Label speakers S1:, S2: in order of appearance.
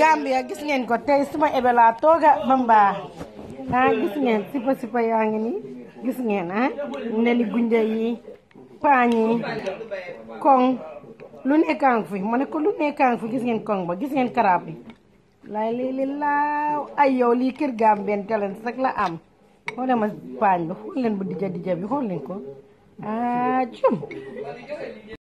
S1: Gambia gis ngeen ko tay suma ebela toga bamba ha gis ngeen sipa sipa yaangi ni gis ngeen ah neli gunja yi pañi yi lu nekkang fi ma ko lu nekkang fi gis ngeen ba gis ngeen karaab bi la lii li laaw ay yow li keur sak la am
S2: xoole ma pañ bi xool len
S3: bu dija dija bi xool len ko a ah, chum